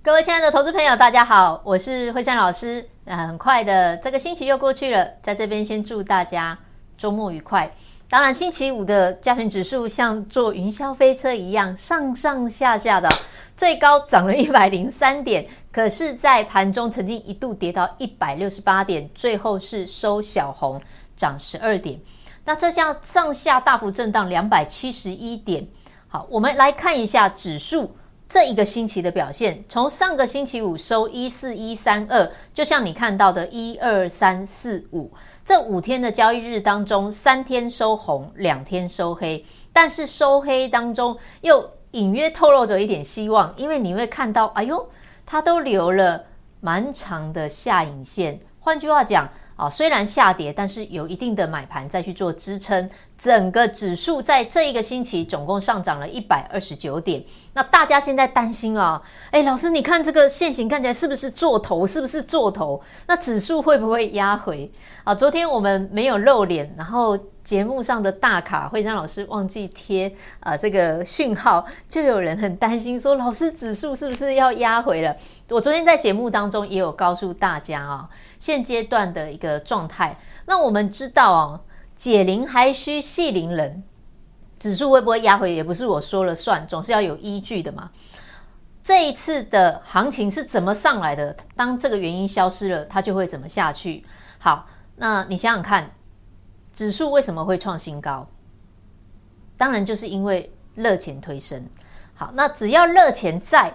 各位親愛的投資朋友，大家好，我是惠珊老師。嗯，很快的，這個星期又過去了，在這邊先祝大家周末愉快。當然，星期五的加權指數像坐雲霄飛車一樣上上下下的，最高漲了一百零三點，可是，在盤中曾經一度跌到一百六十八點，最後是收小紅漲十二點。那這叫上下大幅震盪兩百七十一點。好，我們來看一下指數。這一個星期的表現，從上個星期五收一四一三二，就像你看到的，一二三四五這五天的交易日當中，三天收紅，兩天收黑，但是收黑當中又隱約透露着一點希望，因為你會看到，哎喲，它都留了蠻長的下影線。換句話講，啊，雖然下跌，但是有一定的買盤再去做支撐。整個指數在這一個星期總共上漲了一百二十九點。那大家現在擔心啊？誒、欸、老師，你看這個線形看起來是不是做頭？是不是做頭？那指數會不會壓回？啊，昨天我們沒有露臉，然後。節目上的大卡會讓老師忘記貼啊、呃，這個訊號就有人很擔心說，老師指數是不是要壓回了？我昨天在節目當中也有告訴大家啊、哦，現階段的一個狀態。那我們知道哦，解鈴還須繫鈴人，指數會不會壓回也不是我說了算，總是要有依據的嘛。這一次的行情是怎麼上來的？當這個原因消失了，它就會怎麼下去？好，那你想想看。指數為什麼會創新高？當然就是因為熱錢推升。好，那只要熱錢在，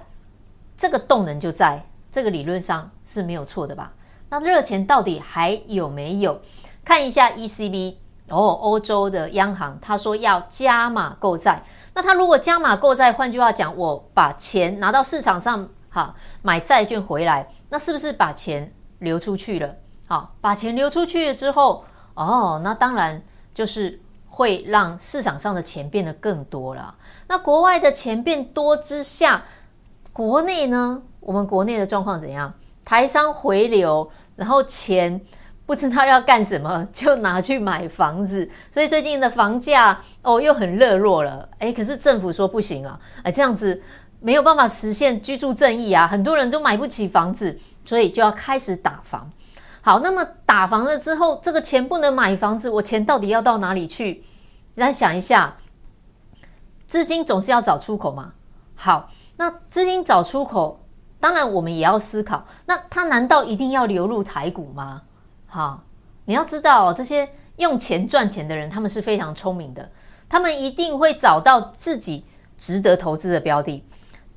這個動能就在，這個理論上是沒有錯的吧？那熱錢到底還有沒有？看一下 ECB 哦，歐洲的央行，他說要加碼購債。那他如果加碼購債，換句話講，我把錢拿到市場上，哈、啊，買債券回來，那是不是把錢流出去了？好、啊，把錢流出去了之後。哦，那當然就是會讓市場上的錢變得更多了。那國外的錢變多之下，國內呢？我們國內的狀況怎樣？台商回流，然後錢不知道要幹什麼，就拿去買房子，所以最近的房價哦又很熱絡了。哎，可是政府說不行啊，哎這樣子沒有辦法實現居住正義啊，很多人都買不起房子，所以就要開始打房。好，那麼打房了之後，這個錢不能買房子，我錢到底要到哪裡去？來想一下，資金總是要找出口嘛。好，那資金找出口，當然我們也要思考，那它難道一定要流入台股嗎？哈，你要知道哦，這些用錢賺錢的人，他們是非常聰明的，他們一定會找到自己值得投資的標的，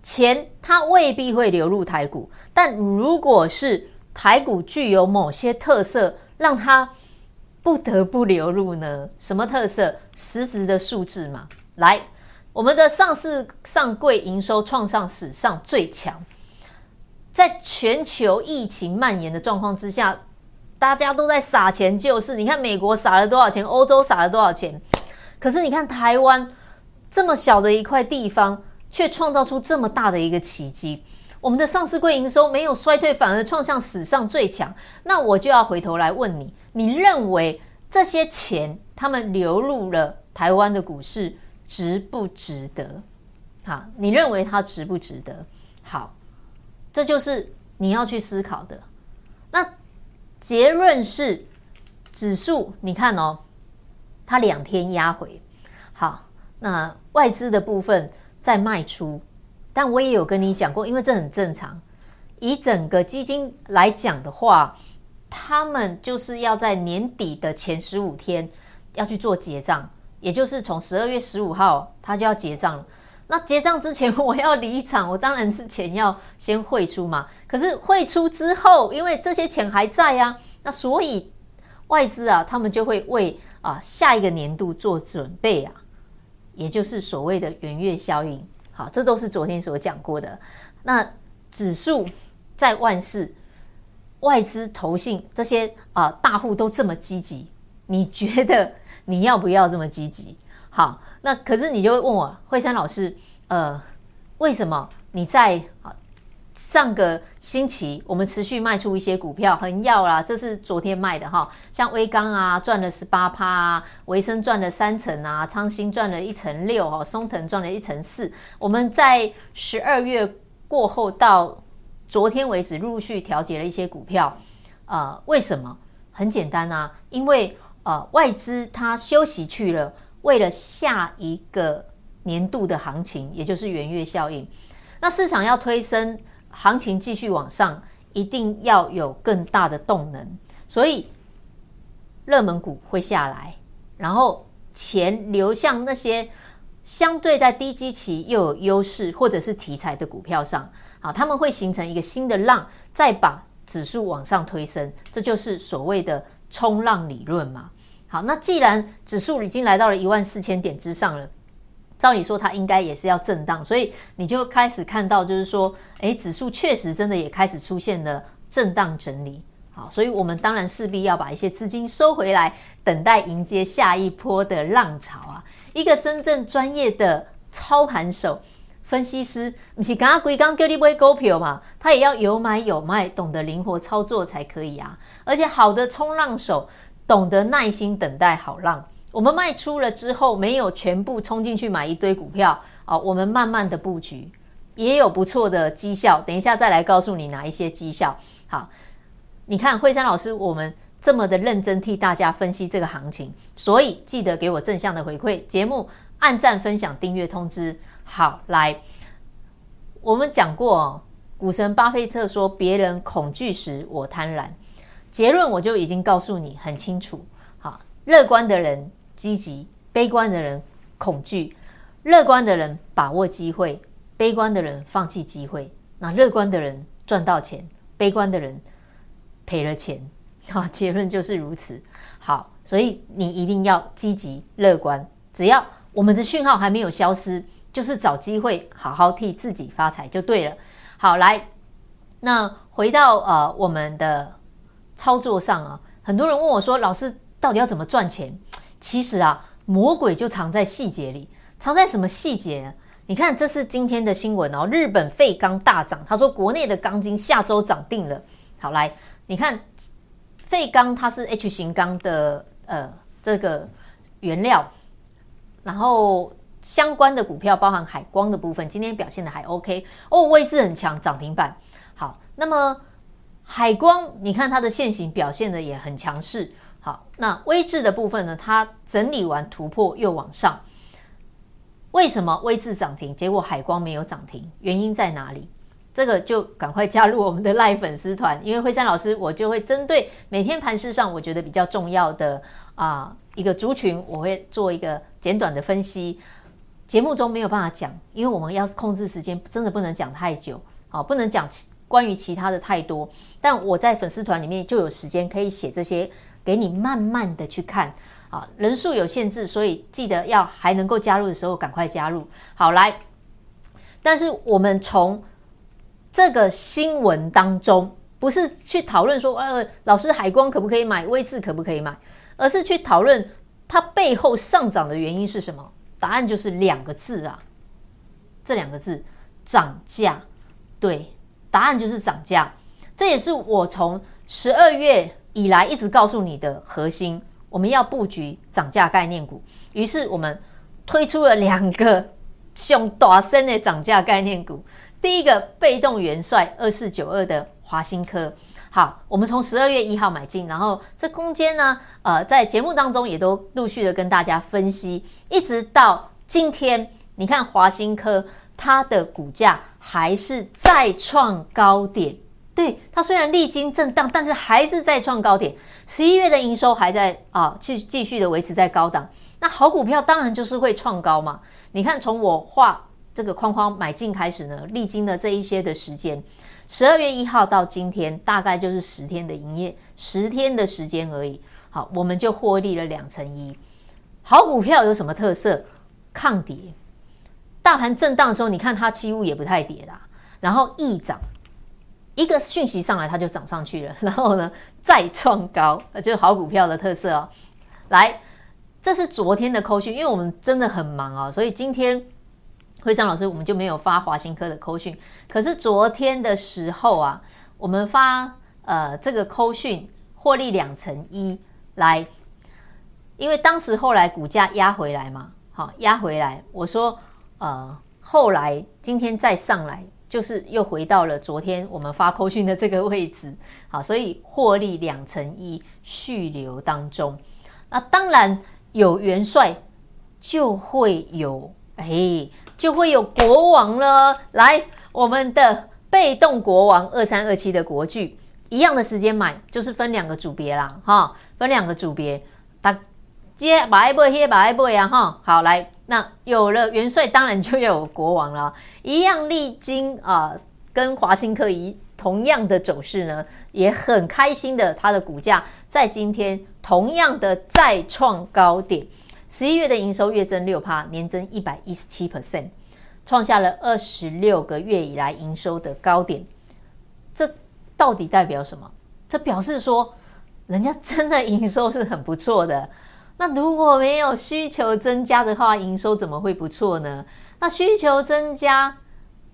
錢它未必會流入台股，但如果是。台股具有某些特色，讓它不得不流入呢？什麼特色？實質的數字嘛！來，我們的上市上櫃營收創上史上最強，在全球疫情蔓延的狀況之下，大家都在撒錢救市。你看美國撒了多少錢？歐洲撒了多少錢？可是你看台灣這麼小的一塊地方，卻創造出這麼大的一個奇蹟。我們的上市櫃營收沒有衰退，反而創下史上最強。那我就要回頭來問你：你認為這些錢他們流入了台灣的股市，值不值得？好，你認為它值不值得？好，這就是你要去思考的。那結論是指數，你看哦，它兩天壓回。好，那外資的部分在賣出。但我也有跟你講過，因為這很正常。以整個基金來講的話，他們就是要在年底的前十五天要去做結賬，也就是從十二月十五號他就要結賬了。那結賬之前我要離場，我當然是錢要先匯出嘛。可是匯出之後，因為這些錢還在啊，那所以外資啊，他們就會為啊下一個年度做準備啊，也就是所謂的元月效應。好，這都是昨天所講過的。那指數在萬事、外資投信這些啊、呃、大戶都這麼積極，你覺得你要不要這麼積極？好，那可是你就會問我惠珊老師，呃，為什麼你在？呃上個星期，我們持續賣出一些股票，恆耀啦、啊，這是昨天賣的哈，像威剛啊，賺了十八趴啊，維生賺了三成啊，昌興賺了一成六哦，松騰賺了一成四。我們在十二月過後到昨天為止，陸陸續調節了一些股票，呃，為什麼？很簡單啊，因為呃外資它休息去了，為了下一個年度的行情，也就是元月效應，那市場要推升。行情繼續往上，一定要有更大的動能，所以熱門股會下來，然後錢流向那些相對在低基期又有優勢或者是題材的股票上，好，他們會形成一個新的浪，再把指數往上推升，這就是所謂的衝浪理論嘛。好，那既然指數已經來到了一萬四千點之上了。照理說，它應該也是要震盪，所以你就開始看到，就是說，誒，指數確實真的也開始出現了震盪整理，好，所以我們當然勢必要把一些資金收回來，等待迎接下一波的浪潮啊。一個真正專業的操盤手、分析師，不是講歸講叫你買股票嘛，他也要有買有賣，懂得靈活操作才可以啊。而且，好的沖浪手懂得耐心等待好浪。我們賣出了之後，沒有全部衝進去買一堆股票，啊，我們慢慢的布局，也有不錯的績效。等一下再來告訴你哪一些績效。好，你看惠珊老師，我們這麼的認真替大家分析這個行情，所以記得給我正向的回饋，節目按讚、分享、訂閱、通知。好，來，我們講過、哦，股神巴菲特說：“別人恐懼時，我貪婪。”結論我就已經告訴你很清楚。好，樂觀的人。積極、悲觀的人恐懼；樂觀的人把握機會，悲觀的人放棄機會。那樂觀的人賺到錢，悲觀的人賠了錢。好，結論就是如此。好，所以你一定要積極樂觀。只要我們的訊號還沒有消失，就是找機會好好替自己發財就對了。好，來，那回到呃我們的操作上啊，很多人問我說：“老師，到底要怎麼賺錢？”其實啊，魔鬼就藏在細節裡，藏在什麼細節呢？你看，這是今天的新聞哦，日本廢鋼大漲，他說國內的鋼筋下周漲定了。好，來，你看廢鋼它是 H 型鋼的呃這個原料，然後相關的股票包含海光的部分，今天表現的還 OK 哦，位置很強，漲停板。好，那麼海光，你看它的線型表現的也很強勢。好，那微智的部分呢？它整理完突破又往上，為什麼微智漲停？結果海光沒有漲停，原因在哪裡？這個就趕快加入我們的賴粉絲團，因為惠珊老師我就會針對每天盤勢上我覺得比較重要的啊一個族群，我會做一個簡短的分析。節目中沒有辦法講，因為我們要控制時間，真的不能講太久啊，不能講關於其他的太多。但我在粉絲團裡面就有時間可以寫這些。給你慢慢的去看啊，人數有限制，所以記得要還能夠加入的時候趕快加入。好，來，但是我們從這個新聞當中，不是去討論說，呃，老師海光可不可以買，威致可不可以買，而是去討論它背後上漲的原因是什麼？答案就是兩個字啊，這兩個字漲價。對，答案就是漲價。這也是我從十二月以來一直告訴你的核心，我們要布局漲價概念股，於是我們推出了兩個像大升的漲價概念股。第一個被動元帥二四九二的華新科。好，我們從十二月一號買進，然後這空間呢，呃，在節目當中也都陸續的跟大家分析，一直到今天，你看華新科它的股價還是再創高點。對，它雖然歷經震盪，但是還是在創高點。十一月的營收還在啊，繼續繼續的維持在高檔。那好股票當然就是會創高嘛。你看，從我畫這個框框買進開始呢，歷經了這一些的時間，十二月一號到今天，大概就是十天的營業，十天的時間而已。好，我們就獲利了兩成一。好股票有什麼特色？抗跌，大盤震盪的時候，你看它幾乎也不太跌啦。然後一漲，一個訊息上來，它就漲上去了，然後呢，再創高，那就是好股票的特色哦。來，這是昨天的扣訊，因為我們真的很忙哦。所以今天惠珊老師我們就沒有發華新科的扣訊。可是昨天的時候啊，我們發呃這個扣訊獲利兩成一，來，因為當時後來股價壓回來嘛，好壓回來，我說呃後來今天再上來。就是又回到了昨天我們發扣訊的這個位置，好，所以獲利兩成一，續留當中。那當然有元帥，就會有哎，就會有國王了。來，我們的被動國王二三二七的國巨，一樣的時間買，就是分兩個組別啦，哈、哦，分兩個組別，大接把一波貼，把一波啊，哈、哦，好來。那有了元帥，當然就要有國王了。一樣歷經啊，跟華新科一同樣的走勢呢，也很開心的。它的股價在今天同樣的再創高點。十一月的營收月增六趴，年增一百一十七 percent，創下了二十六個月以來營收的高點。這到底代表什麼？這表示說，人家真的營收是很不錯的。那如果沒有需求增加的話，營收怎麼會不錯呢？那需求增加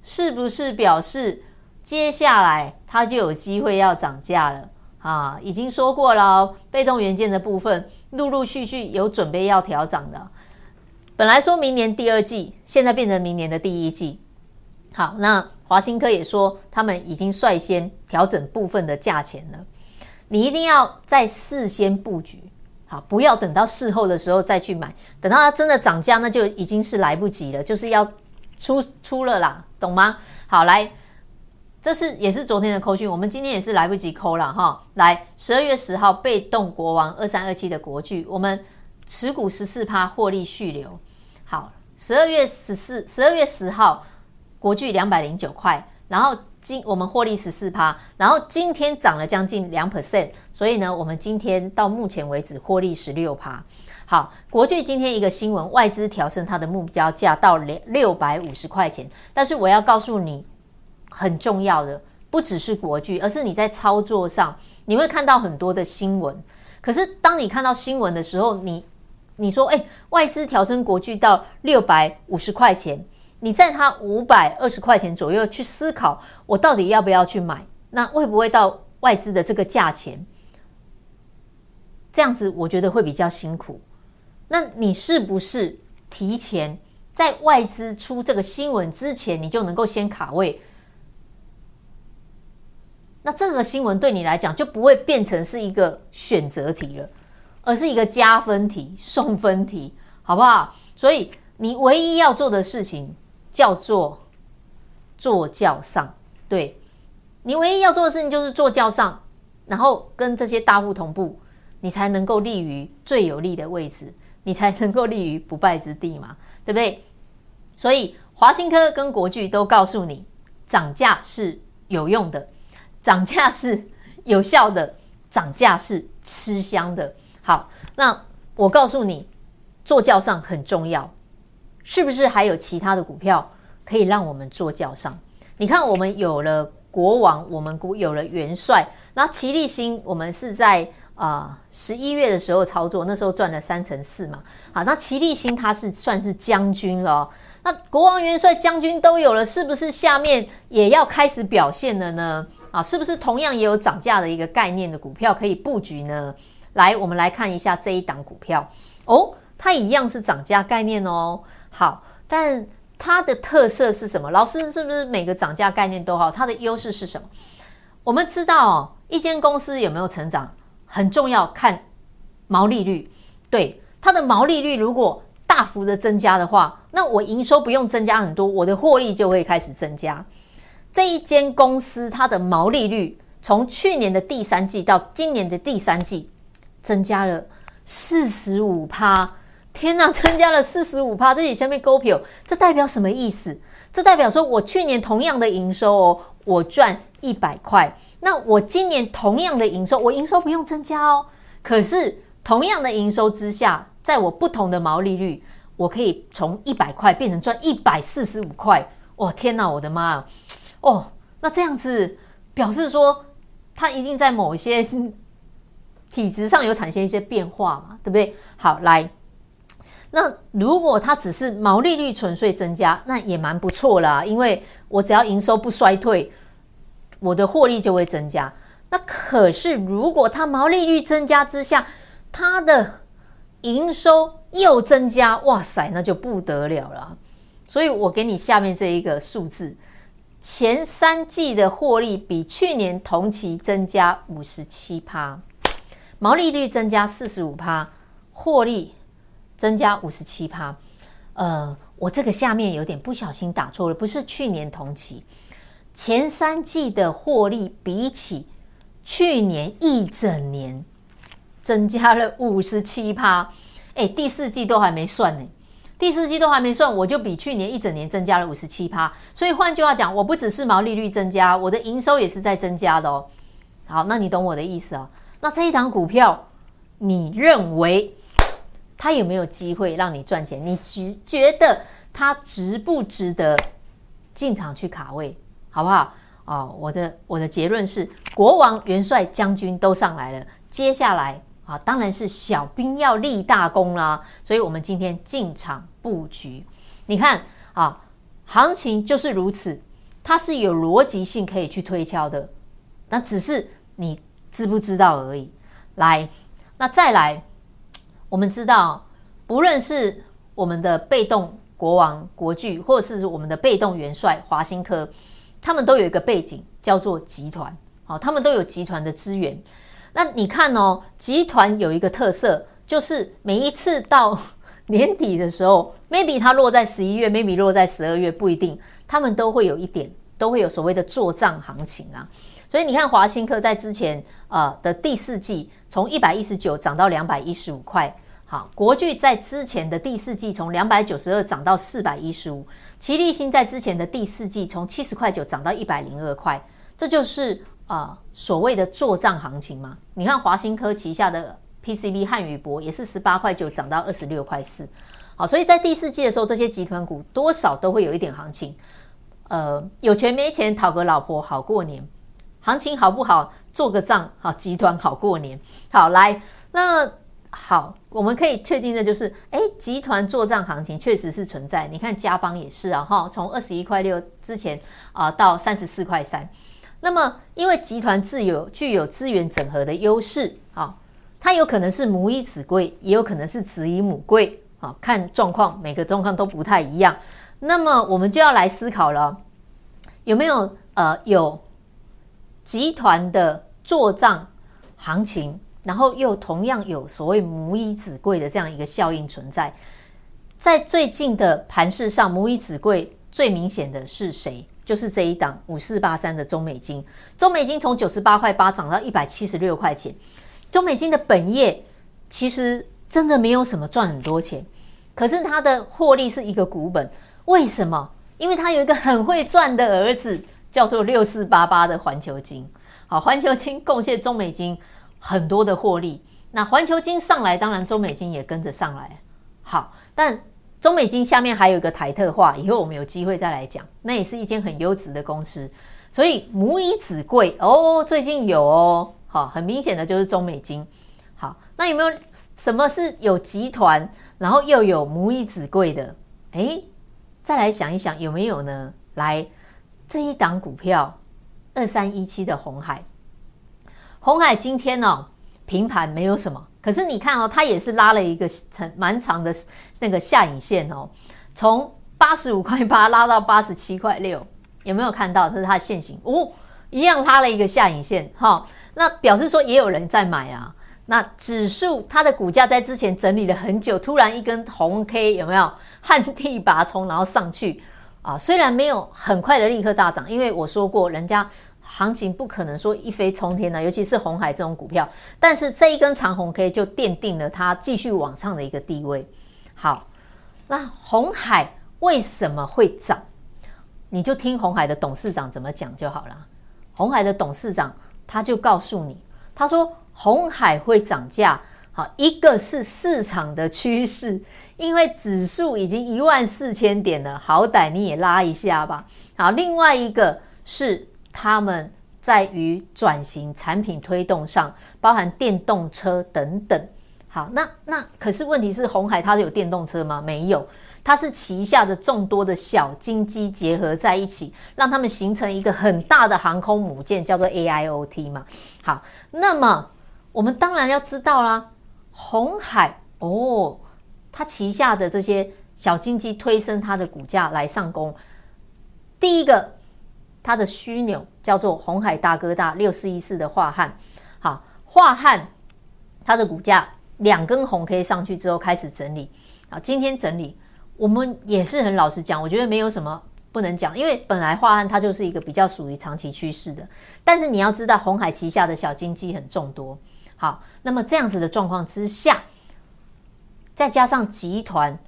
是不是表示接下來它就有機會要漲價了啊？已經說過了哦，被動元件的部分陸陸續續有準備要調整的。本來說明年第二季，現在變成明年的第一季。好，那華新科也說他們已經率先調整部分的價錢了。你一定要在事先布局。好，不要等到事後的時候再去買，等到它真的漲價，那就已經是來不及了，就是要出出了啦，懂嗎？好，來，這是也是昨天的扣訊。我們今天也是來不及扣了哈。來，十二月十號被動國王二三二七的國巨，我們持股十四趴獲利續留。好，十二月十四，十二月十號國巨兩百零九塊，然後。今我們獲利十四趴，然後今天漲了將近兩 percent，所以呢，我們今天到目前為止獲利十六趴。好，國巨今天一個新聞，外資調升它的目標價到六百五十塊錢。但是我要告訴你，很重要的不只是國巨，而是你在操作上，你會看到很多的新聞。可是當你看到新聞的時候，你你說，誒，外資調升國巨到六百五十塊錢。你在他五百二十塊錢左右去思考，我到底要不要去買？那會不會到外資的這個價錢？這樣子我覺得會比較辛苦。那你是不是提前在外資出這個新聞之前，你就能夠先卡位？那這個新聞對你來講就不會變成是一個選擇題了，而是一個加分題、送分題，好不好？所以你唯一要做的事情。叫做坐轎上，對，你唯一要做的事情就是坐轎上，然後跟這些大戶同步，你才能夠立於最有利的位置，你才能夠立於不敗之地嘛，對不對？所以華新科跟國巨都告訴你，漲價是有用的，漲價是有效的，漲價是吃香的。好，那我告訴你，坐轎上很重要。是不是還有其他的股票可以讓我們做叫上？你看，我們有了國王，我們股有了元帥，然後奇力新，我們是在啊十一月的時候操作，那時候賺了三成四嘛。好，那奇力新他是算是將軍了哦。那國王、元帥、將軍都有了，是不是下面也要開始表現了呢？啊，是不是同樣也有漲價的一個概念的股票可以布局呢？來，我們來看一下這一檔股票哦，它一樣是漲價概念哦。好，但它的特色是什麼？老師，是不是每個漲價概念都好？它的優勢是什麼？我們知道一間公司有沒有成長很重要，看毛利率。對，它的毛利率如果大幅的增加的話，那我營收不用增加很多，我的獲利就會開始增加。這一間公司它的毛利率，從去年的第三季到今年的第三季，增加了四十五趴。天哪、啊，增加了四十五趴，這裡下面勾皮，這代表什麼意思？這代表說我去年同樣的營收哦，我賺一百塊，那我今年同樣的營收，我營收不用增加哦，可是同樣的營收之下，在我不同的毛利率，我可以從一百塊變成賺一百四十五塊，哇、哦，天哪、啊，我的媽，哦，那這樣子表示說，它一定在某些體質上有產生一些變化嘛，對不對？好，來。那如果它只是毛利率純粹增加，那也蠻不錯啦，因為我只要營收不衰退，我的獲利就會增加。那可是如果它毛利率增加之下，它的營收又增加，哇塞，那就不得了啦。所以我給你下面這一個數字：前三季的獲利比去年同期增加五十七%，毛利率增加四十五%，獲利增加五十七趴，呃，我這個下面有點不小心打錯了，不是去年同期，前三季的獲利比起去年一整年增加了五十七趴，誒，第四季都還沒算呢，第四季都還沒算，我就比去年一整年增加了五十七趴，所以換句話講，我不只是毛利率增加，我的營收也是在增加的哦。好，那你懂我的意思哦、啊。那這一檔股票，你認為？他有沒有機會讓你賺錢？你只覺得他值不值得進場去卡位，好不好？哦，我的我的結論是，國王、元帥、將軍都上來了，接下來啊、哦，當然是小兵要立大功啦、啊。所以，我們今天進場布局，你看啊、哦，行情就是如此，它是有邏輯性可以去推敲的，那只是你知不知道而已。來，那再來。我們知道，不論是我們的被動國王國巨，或者是我們的被動元帥華新科，他們都有一個背景叫做集團，好，哦，他們都有集團的資源。那你看哦，集團有一個特色，就是每一次到年底的時候，maybe 它落在十一月，maybe 落在十二月，不一定，他們都會有一點，都會有所謂的做賬行情啊。所以你看，華新科在之前啊、呃、的第四季，從一百一十九漲到兩百一十五塊。好，國巨在之前的第四季，從兩百九十二漲到四百一十五。奇力新在之前的第四季，從七十塊九漲到一百零二塊。這就是啊、呃、所謂的作帳行情嘛。你看華新科旗下的 PCB 瀚宇博，也是十八塊九漲到二十六塊四。好，所以在第四季的時候，這些集團股多少都會有一點行情。呃，有錢沒錢討個老婆好過年。行情好不好？做個賬，好，集團好過年，好來那好，我們可以確定的就是，哎，集團做賬行情確實是存在。你看加邦，也是啊，哈，從二十一塊六之前啊、呃、到三十四塊三。那麼，因為集團自有具有資源整合的優勢，啊、哦，它有可能是母以子貴，也有可能是子以母貴，啊、哦，看狀況，每個狀況都不太一樣。那麼，我們就要來思考了，有沒有呃有？集團的做賬行情，然後又同樣有所謂母以子貴的這樣一個效應存在。在最近的盤市上，母以子貴最明顯的是誰？就是這一檔五四八三的中美晶。中美晶從九十八塊八漲到一百七十六塊錢。中美晶的本業其實真的沒有什麼賺很多錢，可是它的獲利是一個股本。為什麼？因為它有一個很會賺的兒子。叫做六四八八的環球晶，好，環球晶貢獻中美晶很多的獲利，那環球晶上來，當然中美晶也跟着上來，好，但中美晶下面還有一個台特化，以後我們有機會再來講，那也是一間很優質的公司，所以母以子貴哦，最近有哦，好，很明顯的就是中美晶，好，那有沒有什麼是有集團，然後又有母以子貴的？哎，再來想一想有沒有呢？來。這一檔股票，二三一七的鴻海，鴻海今天哦平盤沒有什麼，可是你看哦，它也是拉了一個長蠻長的那個下影線哦，從八十五塊八拉到八十七塊六，有沒有看到？這是它的線型，哦，一樣拉了一個下影線哈、哦，那表示說也有人在買啊。那指數它的股價在之前整理了很久，突然一根紅 K 有沒有？旱地拔蔥，然後上去。啊，雖然沒有很快的立刻大漲，因為我說過，人家行情不可能說一飛沖天呢、啊，尤其是鴻海這種股票。但是這一根長紅 K 就奠定了它繼續往上的一個地位。好，那鴻海為什麼會漲？你就聽鴻海的董事長怎麼講就好了。鴻海的董事長他就告訴你，他說鴻海會漲價。好，一個是市場的趨勢，因為指數已經一萬四千點了，好歹你也拉一下吧。好，另外一個是他們在於轉型產品推動上，包含電動車等等。好，那那可是問題是，鴻海它是有電動車嗎？沒有，它是旗下的眾多的小金雞結合在一起，讓他們形成一個很大的航空母艦，叫做 AIOT 嘛。好，那麼我們當然要知道啦。鴻海哦，它旗下的這些小金雞，推升它的股價來上攻。第一個，它的樞紐叫做鴻海大哥大六四一四的樺漢。好，樺漢它的股價兩根紅 K 以上去之後開始整理啊，今天整理，我們也是很老實講，我覺得沒有什麼不能講，因為本來樺漢它就是一個比較屬於長期趨勢的，但是你要知道鴻海旗下的小金雞很眾多。好，那麼這樣子的狀況之下，再加上集團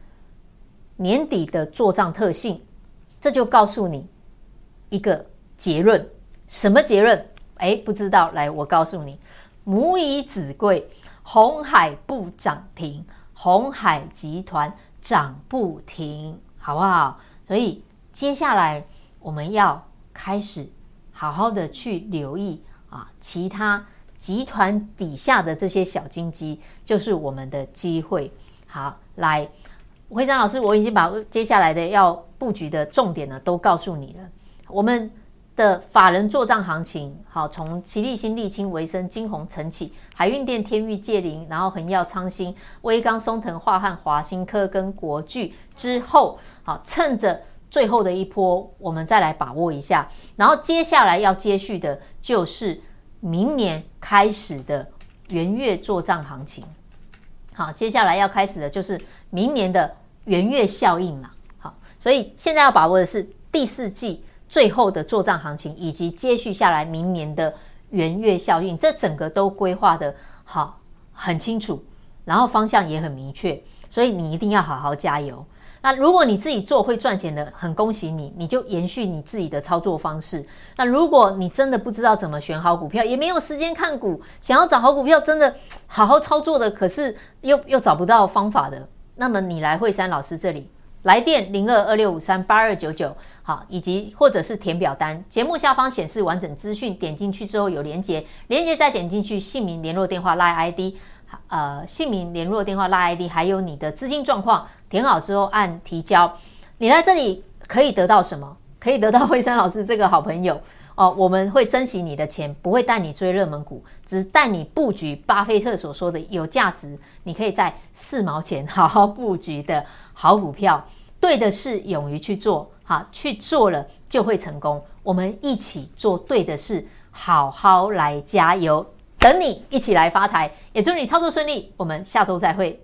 年底的做賬特性，這就告訴你一個結論，什麼結論？哎，不知道。來，我告訴你，母以子貴，鴻海不漲停，鴻海集團漲不停，好不好？所以接下來我們要開始好好的去留意啊，其他。集團底下的這些小金雞就是我們的機會。好，來，惠珊老師，我已經把接下來的要布局的重點呢都告訴你了。我們的法人作帳行情，好，從奇力新、麗清、維生、金紅、晨起、海韻電、天域、界霖，然後恆耀、昌興、威剛、崧騰、樺漢、華新科跟國巨之後，好，趁着最後的一波，我們再來把握一下。然後接下來要接續的就是。明年開始的元月做賬行情，好，接下來要開始的就是明年的元月效應了。好，所以現在要把握的是第四季最後的做賬行情，以及接續下來明年的元月效應，這整個都規劃得好很清楚，然後方向也很明確，所以你一定要好好加油。那如果你自己做會賺錢的，很恭喜你，你就延續你自己的操作方式。那如果你真的不知道怎麼選好股票，也沒有時間看股，想要找好股票，真的好好操作的，可是又又找不到方法的，那麼你來惠珊老師這裡，來電零二二六五三八二九九，好，以及或者是填表單，節目下方顯示完整資訊，點進去之後有連接，連接再點進去，姓名、聯絡電話、LINE ID。呃，姓名、聯絡電話、LINE ID，還有你的資金狀況，填好之後按提交。你來這裡可以得到什麼？可以得到惠珊老師這個好朋友哦。我們會珍惜你的錢，不會帶你追熱門股，只帶你布局巴菲特所說的有價值，你可以在四毛錢好好布局的好股票。對的事，勇於去做，哈、啊，去做了就會成功。我們一起做對的事，好好來加油。等你一起來發財，也祝你操作順利。我們下週再會。